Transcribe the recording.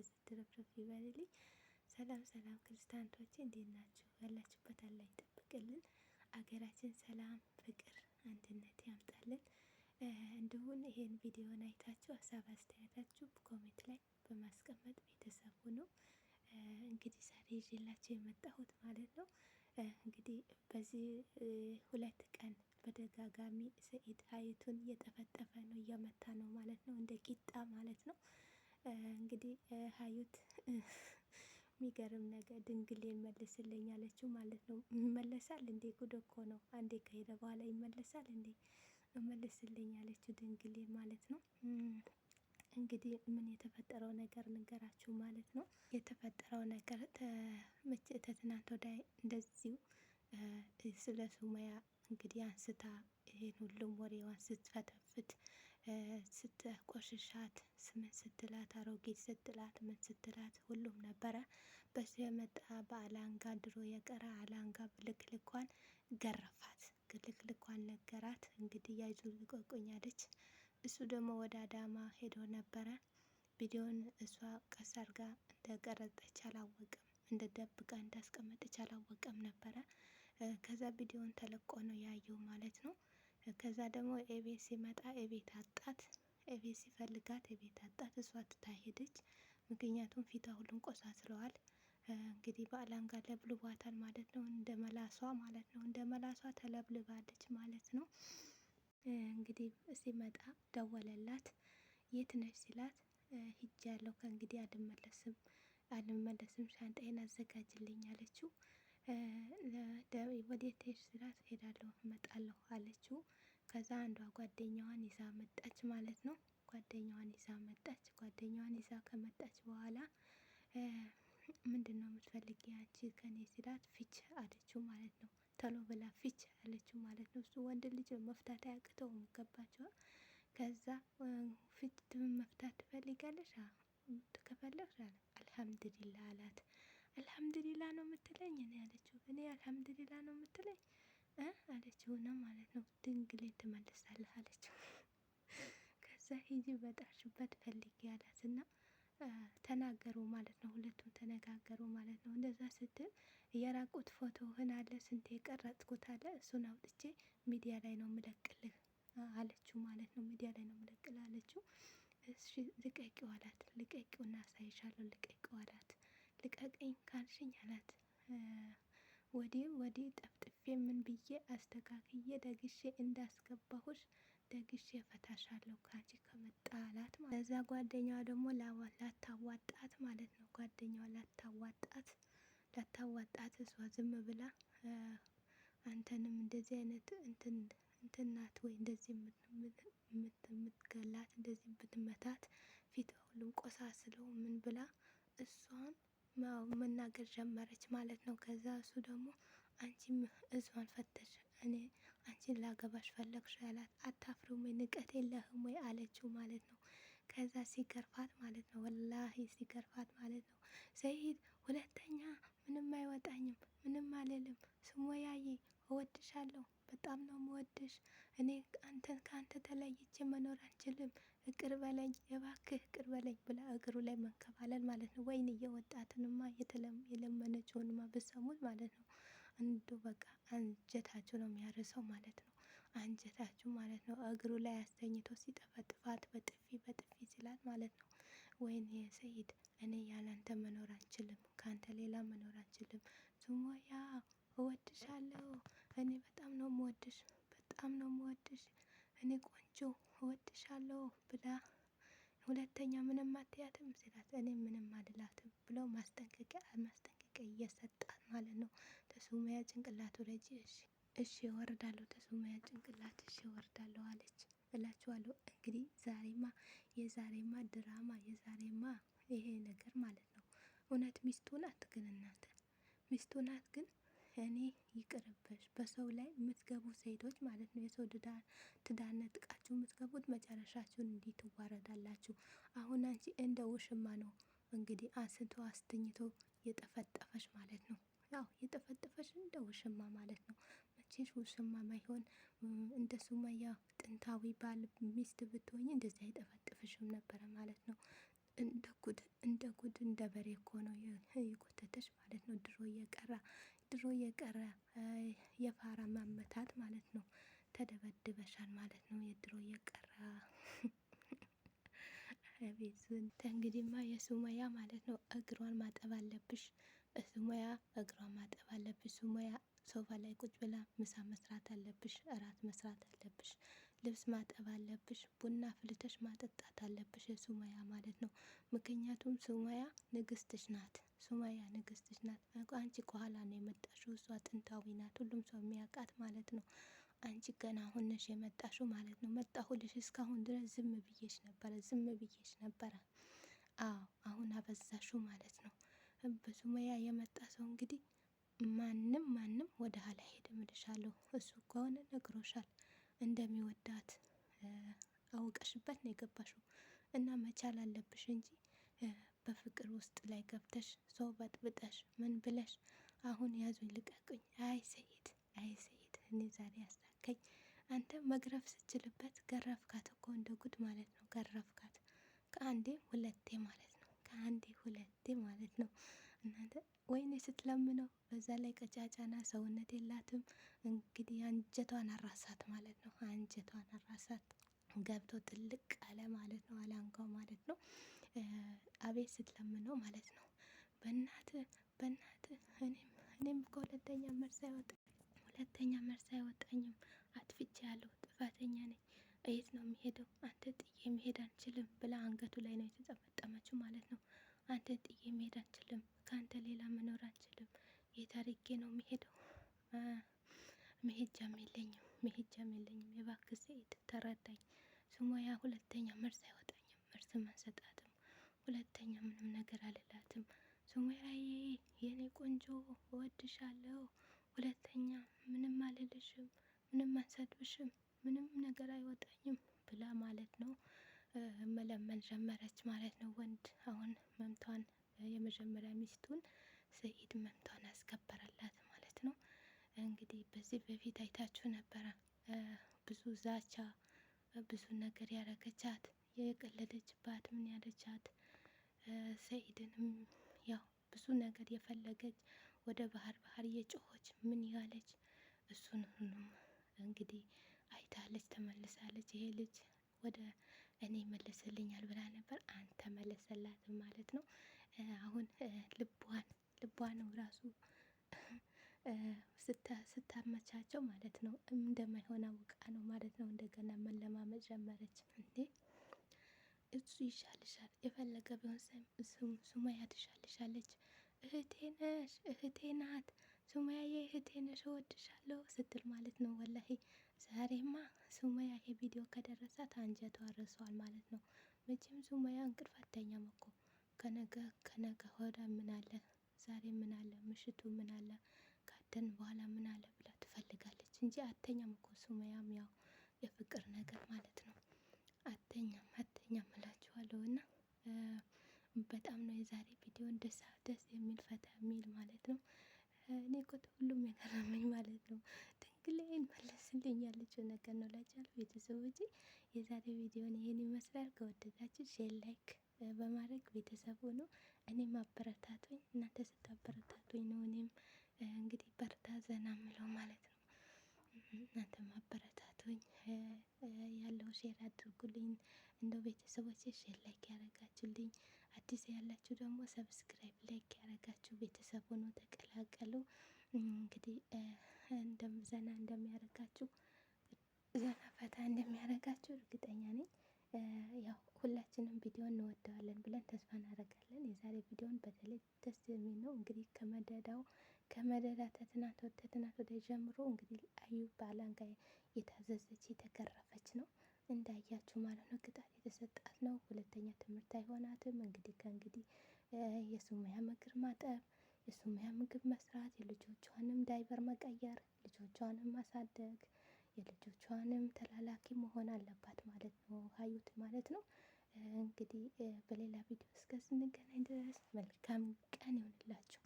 ብዝት ትረፍረፍ ይበልልኝ። ሰላም ሰላም ክርስቲያኖቼ እንዴት ናችሁ? ያላችሁበት አላህ ይጠብቅልን። አገራችን ሰላም፣ ፍቅር፣ አንድነት ያምጣልን። እንዲሁም ይሄን ቪዲዮ አይታችሁ ሀሳብ አስተያየታችሁ ኮሜንት ላይ በማስቀመጥ ቤተሰብ ሁኑ። እንግዲህ ዛሬ ይዤላችሁ የመጣሁት ማለት ነው እንግዲህ በዚህ ሁለት ቀን በተደጋጋሚ ሰኢድ ሀይቱን እየጠፈጠፈ ነው እየመታ ነው ማለት ነው እንደ ቂጣ ማለት ነው። እንግዲህ ሀዩት የሚገርም ነገር ድንግሌን መልስልኝ አለችው ማለት ነው። ይመለሳል እንዴ? ጉድ እኮ ነው። አንዴ ከሄደ በኋላ ይመለሳል እንዴ? መልስልኝ አለችው ድንግሌን ማለት ነው። እንግዲህ ምን የተፈጠረው ነገር ንገራችሁ ማለት ነው። የተፈጠረው ነገር ተትናንት ወዲያ እንደዚሁ ስለ ሱማያ እንግዲህ አንስታ ይህን ሁሉም ወሬዋን ስትፈተፍት ስትቆሽሻት ስምን ስትላት አሮጌት ስትላት ምን ስትላት ሁሉም ነበረ። በሱ የመጣ በአላንጋ ድሮ የቀረ አላንጋ ብልክልኳን ገረፋት። ብልክልኳን ነገራት። እንግዲህ ያይዙ ቆቆኛለች። እሱ ደግሞ ወደ አዳማ ሄዶ ነበረ። ቪዲዮን እሷ ቀስ አድርጋ እንደቀረጸች አላወቀም፣ እንደ ደብቃ እንዳስቀመጠች አላወቀም ነበረ። ከዛ ቪዲዮን ተለቆ ነው ያየው ማለት ነው። ከዛ ደግሞ ኤቤት ሲመጣ ኤቤት አጣት። ኤቤት ሲፈልጋት ኤቤት አጣት። እሷ ትታ ትታሄደች። ምክንያቱም ፊቷ ሁሉም ቆሳስለዋል። እንግዲህ በአላንጋ ለብልቧታል ማለት ነው። እንደ መላሷ ማለት ነው። እንደ መላሷ ተለብልባለች ማለት ነው። እንግዲህ ሲመጣ ደወለላት። የት ነች ሲላት ሂጃለሁ ከእንግዲህ አልመለስም አልመለስም ሻንጣዬን አዘጋጅልኝ አለችው። ወዴት ሄድሽ ስላት ሄዳለሁ እመጣለሁ አለችው። ከዛ አንዷ ጓደኛዋን ይዛ መጣች ማለት ነው። ጓደኛዋን ይዛ መጣች። ጓደኛዋን ይዛ ከመጣች በኋላ ምንድን ነው የምትፈልጊ አንቺ ከኔ ስላት ፊች አለችው ማለት ነው። ተሎ ብላ ፊች አለችው ማለት ነው። እሱ ወንድ ልጅ መፍታት አያቅተውም ይገባቸዋል። ከዛ ፊት መፍታት ትፈልጋለሽ ከፈለግሽ አለ አልሐምዱሊላ አላት። አልሐምዱሊላ ነው የምትለኝ እኔ አለችው። እኔ አልሐምዱሊላ ነው የምትለኝ አለችው። ነው ማለት ነው ድንግሌን ትመልሳለህ አለችው። ከዛ ሂጂ በጣርሽበት ፈልጊ ያላት እና ተናገሩ ማለት ነው። ሁለቱም ተነጋገሩ ማለት ነው። እንደዛ ስትል የራቁት ፎቶህን አለ ስንት የቀረጽኩት አለ እሱን አውጥቼ ሚዲያ ላይ ነው ምለቅልህ አለችው ማለት ነው። ሚዲያ ላይ ነው ምለቅልህ አለችው። እሺ ልቀቂው አላት። ልቀቂውና አሳይሻለሁ ልቀቂው አላት። ልቀቀኝ ካልሽኝ አላት። ወዲህ ወዲህ ጠፍጥፌ ምን ብዬ አስተካክዬ ደግሼ እንዳስገባሁሽ ደግሼ ፈታሻለሁ ካንቺ ከመጣ አላት። ለዛ ጓደኛዋ ደግሞ ላታዋጣት ማለት ነው። ጓደኛዋ ላታዋጣት ላታዋጣት እሷ ዝም ብላ አንተንም እንደዚህ አይነት እንትን ናት ወይ እንደዚህ የምትገላት እንደዚህ ብትመታት ፊት ሁሉም ቆሳስለው ምን ብላ እሷን መናገር ጀመረች ማለት ነው። ከዛ እሱ ደግሞ አንቺም እሷን ፈተሽ እኔ አንቺን ላገባሽ ፈለግሽ ያላት አታፍሪም ወይ ንቀት የለህም ወይ አለችው ማለት ነው። ከዛ ሲገርፋት ማለት ነው ወላሂ ሲገርፋት ማለት ነው። ሰይድ ሁለተኛ ምንም አይወጣኝም ምንም አልልም ስሞያዬ እወድሻለሁ፣ በጣም ነው የምወድሽ። እኔ አንተን ከአንተ ተለይቼ መኖር አልችልም፣ እቅር በለኝ፣ እባክህ ይቅር በለኝ ብላ እግሩ ላይ መንከባለል ማለት ነው። ወይን እየወጣትንማ የለመነችውንማ ብሰሙን ማለት ነው። እንዱ በቃ አንጀታችሁ ነው የሚያርሰው ማለት ነው። አንጀታችሁ ማለት ነው። እግሩ ላይ አስተኝቶ ሲጠፈጥፋት በጥፊ በጥፊ ሲላት ማለት ነው። ወይኔ ሰኢድ እኔ ያላንተ መኖር አልችልም፣ ከአንተ ሌላ መኖር አልችልም ሱሙያ እወድሻለሁ። እኔ በጣም ነው የምወድሽ፣ በጣም ነው የምወድሽ፣ እኔ ቆንጆ እወድሻለሁ ብላ ሁለተኛ ምንም አትያትም ስላት እኔ ምንም አልላትም ብሎ ማስጠንቀቂያ ማስጠንቀቂያ እየሰጣት ማለት ነው። ተሱማያ ጭንቅላቱ ረጂ እሺ እወርዳለሁ፣ ተሱማያ ጭንቅላት እሺ እወርዳለሁ አለች እላችኋለሁ። እንግዲህ ዛሬማ የዛሬማ ድራማ የዛሬማ ይሄ ነገር ማለት ነው። እውነት ሚስቱ ናት ግን እናንተ ሚስቱ ናት ግን እኔ ይቅርብሽ። በሰው ላይ የምትገቡ ሴቶች ማለት ነው የሰው ትዳር ነጥቃችሁ የምትገቡት መጨረሻችሁን እንዲህ ትዋረዳላችሁ። አሁን አንቺ እንደ ውሽማ ነው እንግዲህ አንስቶ አስተኝቶ የጠፈጠፈሽ ማለት ነው። ያው የጠፈጠፈሽ እንደ ውሽማ ማለት ነው። መቼሽ ውሽማ ማይሆን እንደ ሱመያ ጥንታዊ ባል ሚስት ብትሆኝ እንደዚህ አይጠፈጥፍሽም ነበረ ማለት ነው። እንደ ጉድ እንደ ጉድ እንደ በሬ እኮ ነው የጎተተሽ ማለት ነው። ድሮ እየቀራ ድሮ የቀረ የፋራ ማመታት ማለት ነው። ተደበድበሻል ማለት ነው። የድሮ የቀረ ቤቱን እንግዲህማ የሱሙያ ማለት ነው። እግሯን ማጠብ አለብሽ ሱሙያ፣ እግሯን ማጠብ አለብሽ ሱሙያ። ሶፋ ላይ ቁጭ ብላ ምሳ መስራት አለብሽ፣ እራት መስራት አለብሽ። ልብስ ማጠብ አለብሽ፣ ቡና ፍልተሽ ማጠጣት አለብሽ የሱማያ ማለት ነው። ምክንያቱም ሱማያ ንግስትሽ ናት። ሱማያ ንግስትሽ ናት። አንቺ ከኋላ ነው የመጣሽው። እሷ ጥንታዊ ናት፣ ሁሉም ሰው የሚያውቃት ማለት ነው። አንቺ ገና አሁን ነሽ የመጣሽው ማለት ነው። መጣሁልሽ እስካሁን ድረስ ዝም ብዬሽ ነበረ፣ ዝም ብዬሽ ነበረ። አዎ አሁን አበዛሽው ማለት ነው። በሱማያ የመጣ ሰው እንግዲህ ማንም ማንም ወደ ኋላ ሄደ እምልሻለሁ። እሱ ከሆነ ነግሮሻል። እንደሚወዳት አውቀሽበት ነው የገባሽው እና መቻል አለብሽ እንጂ በፍቅር ውስጥ ላይ ገብተሽ ሰው በጥብጠሽ ምን ብለሽ አሁን ያዙኝ ልቀቁኝ፣ አይ ሰይድ አይ ሰይድ እኔ ዛሬ አሳከኝ። አንተ መግረፍ ስችልበት ገረፍካት እኮ እንደ ጉድ ማለት ነው። ገረፍካት ከአንዴ ሁለቴ ማለት ነው። ከአንዴ ሁለቴ ማለት ነው። እናንተ ወይኔ ስትለምነው በዛ ላይ ቀጫጫና ሰውነት የላትም። እንግዲህ አንጀቷን አራሳት ማለት ነው። አንጀቷን አራሳት ገብቶ ጥልቅ አለ ማለት ነው። አላንጋው ማለት ነው። አቤት ስትለምነው ማለት ነው። በእናት በእናት እኔም እኮ ሁለተኛ ሁለተኛ መርሳ አይወጣኝም። አጥፍቼ ያለው ጥፋተኛ ነኝ። የት ነው የሚሄደው? አንተ ጥዬ መሄድ አንችልም ብላ አንገቱ ላይ ነው የተጠመጠመ አንተን ጥዬ መሄድ አንችልም፣ ከአንተ ሌላ መኖር አንችልም። የታሪኬ ነው የሚሄደው መሄጃም የለኝም፣ መሄጃም የለኝም። የባክህ ሰኢድ ተረዳኝ። ሱማያ ሁለተኛ መርስ አይወጣኝም፣ መርዝም አንሰጣትም። ሁለተኛ ምንም ነገር አልላትም። ሱማያዬ የኔ ቆንጆ እወድሻለሁ። ሁለተኛ ምንም አልልሽም፣ ምንም አንሰጥብሽም፣ ምንም ነገር አይወጣኝም ብላ ማለት ነው መለመን ጀመረች ማለት ነው። ወንድ አሁን መምቷን የመጀመሪያ ሚስቱን ሰኢድ መምቷን ያስከበረላት ማለት ነው። እንግዲህ በዚህ በፊት አይታችሁ ነበረ ብዙ ዛቻ፣ ብዙ ነገር ያረገቻት፣ የቀለደችባት፣ ምን ያለቻት ሰኢድንም ያው ብዙ ነገር የፈለገች ወደ ባህር ባህር እየጮኸች ምን ያለች እሱን ሁሉም እንግዲህ አይታለች፣ ተመልሳለች። ይሄ ልጅ ወደ እኔ ይመለስልኛል ብላ ነበር። አንተ መለሰላት ማለት ነው። አሁን ልቧን ነው ራሱ ስታመቻቸው ማለት ነው እንደማይሆን አውቃ ነው ማለት ነው። እንደገና መለማመድ ጀመረች። እንዴ እሱ ይሻልሻል፣ የፈለገ ቢሆን ሱማያ ትሻልሻለች። እህቴ ነሽ፣ እህቴ ናት፣ ሱማያ የእህቴ ነሽ፣ እወድሻለሁ ስትል ማለት ነው ወላሄ። ዛሬማ ሱመያ ይሄ ቪዲዮ ከደረሳት አንጀቷ ርሷል ማለት ነው። መቼም ሱመያ እንቅልፍ አተኛም እኮ ከነገ ከነገ ሆዳ ምን አለ ዛሬ ምን አለ ምሽቱ ምን አለ ካደን በኋላ ምን አለ ብላ ትፈልጋለች እንጂ አተኛም እኮ ሱመያም ያው የፍቅር ነገር ማለት ነው። አተኛም አተኛም እላችኋለሁ እና በጣም ነው የዛሬ ቪዲዮ ደስ ደስ የሚል ፈታ የሚል ማለት ነው። እኔ እኮ ሁሉም የገረመኝ ማለት ነው ግላዬን መለስልኝ ያለችው ነገር ነው። ላችኋለሁ ቤተሰቦቼ የዛሬ ቪዲዮን ይህን ይመስላል። ከወደዳችሁ ሼር፣ ላይክ በማድረግ ቤተሰቡ ነው እኔም አበረታቱኝ። እናንተ ስታበረታቱኝ ነው እኔም እንግዲህ በርታ ዘና ምለው ማለት ነው። እናንተ ማበረታቱኝ ያለው ሼር አድርጉልኝ። እንደው ቤተሰቦቼ ሼር ላይክ ያደረጋችሁልኝ፣ አዲስ ያላችሁ ደግሞ ሰብስክራይብ ላይክ ያደረጋችሁ ቤተሰቡ ነው ተቀላቀሉ። እንግዲህ ዘና እንደሚያደርጋችሁ ዘና ፈታ እንደሚያደርጋችሁ እርግጠኛ ነኝ። ያው ሁላችንም ቪዲዮ እንወደዋለን ብለን ተስፋ እናደርጋለን። የዛሬ ቪዲዮን በተለይ ደስ የሚል ነው። እንግዲህ ከመደዳው ከመደዳ ተትናንት ተትናንት ወደ ጀምሮ እንግዲህ አዩ በአላንጋ የታዘዘች የተገረፈች ነው እንዳያችሁ ማለት ነው። ቅጣት የተሰጣት ነው። ሁለተኛ ትምህርት አይሆናትም። እንግዲህ ከእንግዲህ የሱሙያ እግር ማጠብ የሱሙያ ምግብ መስራት፣ የልጆቿንም ዳይበር መቀየር፣ ልጆቿንም ማሳደግ፣ የልጆቿንም ተላላኪ መሆን አለባት ማለት ነው። ሀዩት ማለት ነው። እንግዲህ በሌላ ቪዲዮ እስከ ስንገናኝ ድረስ መልካም ቀን ይሆንላችሁ።